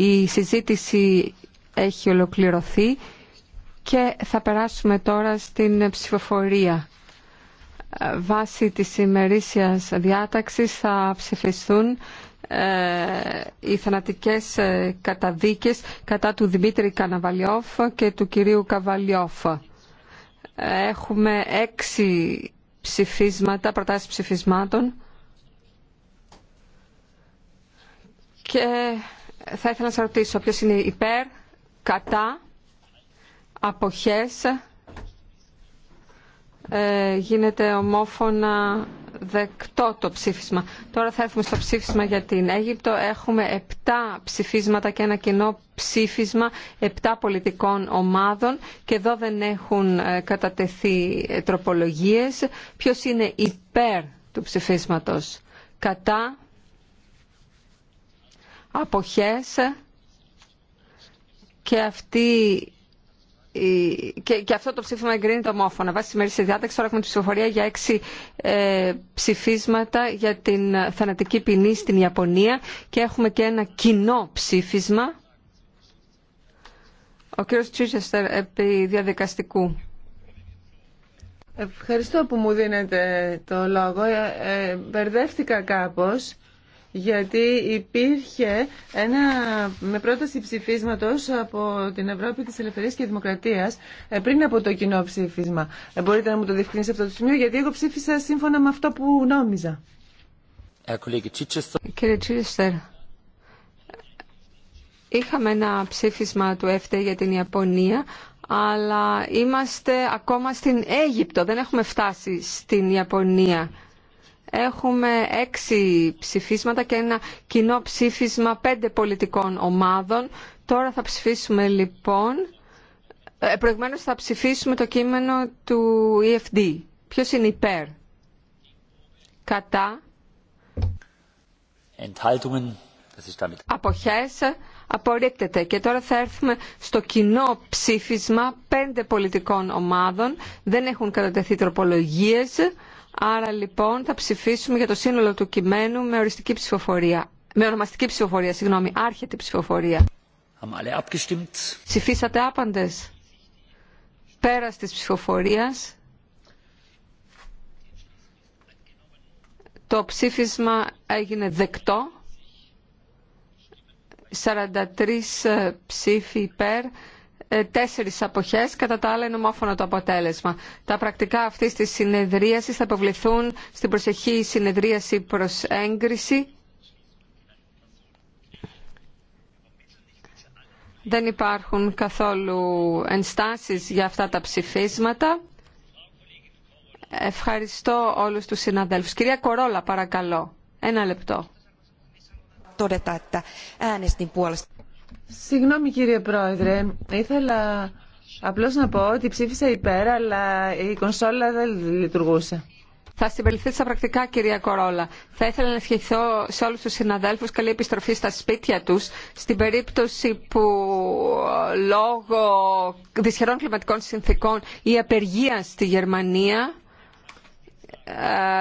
Η συζήτηση έχει ολοκληρωθεί και θα περάσουμε τώρα στην ψηφοφορία. Βάσει της ημερήσιας διάταξης θα ψηφιστούν ε, οι θανατικές ε, καταδίκες κατά του Δημήτρη Καναβαλιόφ και του κυρίου Καβαλιόφ. Έχουμε έξι ψηφίσματα, προτάσεις ψηφισμάτων θα ήθελα να σας ρωτήσω ποιο είναι υπέρ, κατά, αποχές. Ε, γίνεται ομόφωνα δεκτό το ψήφισμα. Τώρα θα έρθουμε στο ψήφισμα για την Αίγυπτο. Έχουμε 7 ψηφίσματα και ένα κοινό ψήφισμα 7 πολιτικών ομάδων και εδώ δεν έχουν ε, κατατεθεί ε, τροπολογίες. Ποιος είναι υπέρ του ψηφίσματος. Κατά αποχές και, αυτή, αυτό το ψήφισμα εγκρίνεται ομόφωνα. Βάσει τη σημερινή διάταξη, τώρα έχουμε τη ψηφοφορία για έξι ε, ψηφίσματα για την θανατική ποινή στην Ιαπωνία και έχουμε και ένα κοινό ψήφισμα. Ο κύριος Τσίσεστερ επί διαδικαστικού. Ευχαριστώ που μου δίνετε το λόγο. Ε, ε μπερδεύτηκα κάπως γιατί υπήρχε ένα, με πρόταση ψήφισματο από την Ευρώπη τη Ελευθερία και Δημοκρατίας ε, πριν από το κοινό ψήφισμα. Ε, μπορείτε να μου το διευκρινίσετε αυτό το σημείο, γιατί εγώ ψήφισα σύμφωνα με αυτό που νόμιζα. Κύριε Τσίριστερ, είχαμε ένα ψήφισμα του ΕΦΤΕ για την Ιαπωνία, αλλά είμαστε ακόμα στην Αίγυπτο, δεν έχουμε φτάσει στην Ιαπωνία έχουμε έξι ψηφίσματα και ένα κοινό ψήφισμα πέντε πολιτικών ομάδων. Τώρα θα ψηφίσουμε λοιπόν, ε, προηγουμένως θα ψηφίσουμε το κείμενο του EFD. Ποιος είναι υπέρ, κατά, αποχές, απορρίπτεται. Και τώρα θα έρθουμε στο κοινό ψήφισμα πέντε πολιτικών ομάδων. Δεν έχουν κατατεθεί τροπολογίες. Άρα λοιπόν θα ψηφίσουμε για το σύνολο του κειμένου με οριστική ψηφοφορία. Με ονομαστική ψηφοφορία, συγγνώμη, άρχεται η ψηφοφορία. Ψηφίσατε άπαντε. Πέρα της ψηφοφορίας. Το ψήφισμα έγινε δεκτό. 43 ε, ψήφοι υπέρ. Ε, τέσσερις αποχές, κατά τα άλλα είναι ομόφωνο το αποτέλεσμα. Τα πρακτικά αυτής της συνεδρίασης θα υποβληθούν στην προσεχή συνεδρίαση προς έγκριση. Δεν υπάρχουν καθόλου ενστάσεις για αυτά τα ψηφίσματα. Ευχαριστώ όλους τους συναδέλφους. Κυρία Κορόλα, παρακαλώ. Ένα λεπτό. Συγγνώμη κύριε Πρόεδρε, ήθελα απλώς να πω ότι ψήφισα υπέρ, αλλά η κονσόλα δεν λειτουργούσε. Θα συμπεριληφθείτε στα πρακτικά, κυρία Κορόλα. Θα ήθελα να ευχηθώ σε όλους τους συναδέλφους καλή επιστροφή στα σπίτια τους. Στην περίπτωση που ε, λόγω δυσχερών κλιματικών συνθήκων η απεργία στη Γερμανία ε,